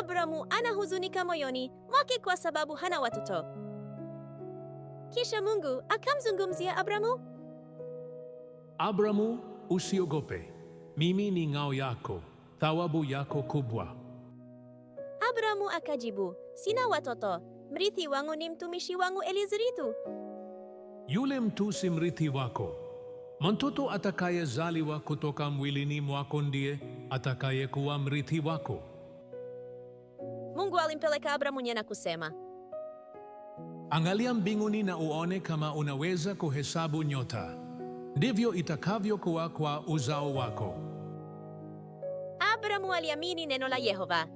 Abramu anahuzunika moyoni mwake kwa sababu hana watoto. Kisha Mungu akamzungumzia Abramu, Abramu, usiogope, mimi ni ngao yako, thawabu yako kubwa. Abramu akajibu, sina watoto, mrithi wangu ni mtumishi wangu Elizari tu. Yule mtu si mrithi wako. Mtoto atakayezaliwa kutoka mwilini mwako ndiye atakayekuwa mrithi wako. Mungu alimpeleka Abramu na kusema, angalia mbinguni na uone kama unaweza kuhesabu nyota, ndivyo itakavyokuwa kwa uzao wako. Abramu aliamini neno la Yehova.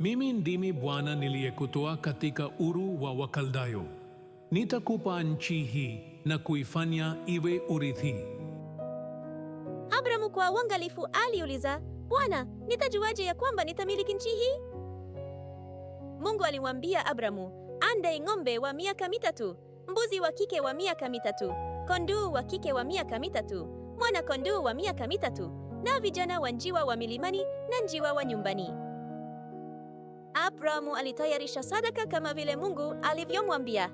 Mimi ndimi Bwana niliyekutoa katika Uru wa Wakaldayo, nitakupa nchi hii na kuifanya iwe urithi. Abramu kwa uangalifu aliuliza Bwana, nitajuaje ya kwamba nitamiliki nchi hii? Mungu alimwambia Abramu, ande ng'ombe wa miaka mitatu, mbuzi wa kike wa miaka mitatu, kondoo wa kike wa miaka mitatu, mwana kondoo wa miaka mitatu, na vijana wa njiwa wa milimani na njiwa wa nyumbani. Abramu alitayarisha sadaka kama vile Mungu alivyomwambia.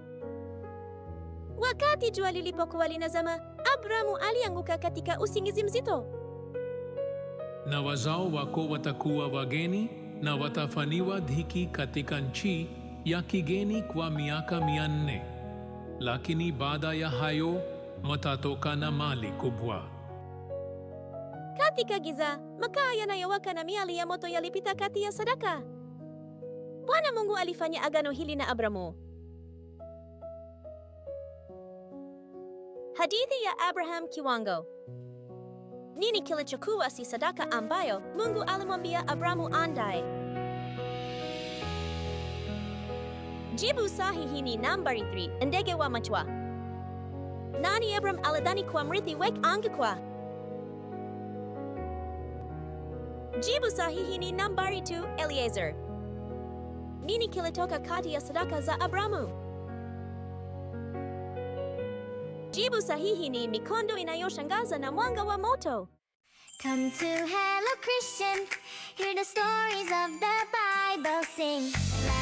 Wakati jua lilipokuwa linazama, Abramu alianguka katika usingizi mzito na wazao wako watakuwa wageni na watafanyiwa dhiki katika nchi ya kigeni kwa miaka mia nne, lakini baada ya hayo matatoka na mali kubwa. Katika giza, makaa yanayowaka na miali ya moto yalipita kati ya sadaka. Bwana Mungu alifanya agano hili na Abramu. Hadithi ya Abraham Kiwango nini kilichokuwa si sadaka ambayo Mungu alimwambia Abrahamu andae? Jibu sahihi ni nambari 3, ndege wa machwa. Nani Abram alidhani kuwa mrithi wake angekuwa? Jibu sahihi ni nambari 2, Eliezer. Nini kilitoka kati ya sadaka za Abrahamu? Jibu sahihi ni mikondo inayoshangaza na mwanga wa moto. Come to Hello Christian, hear the stories of the Bible sing.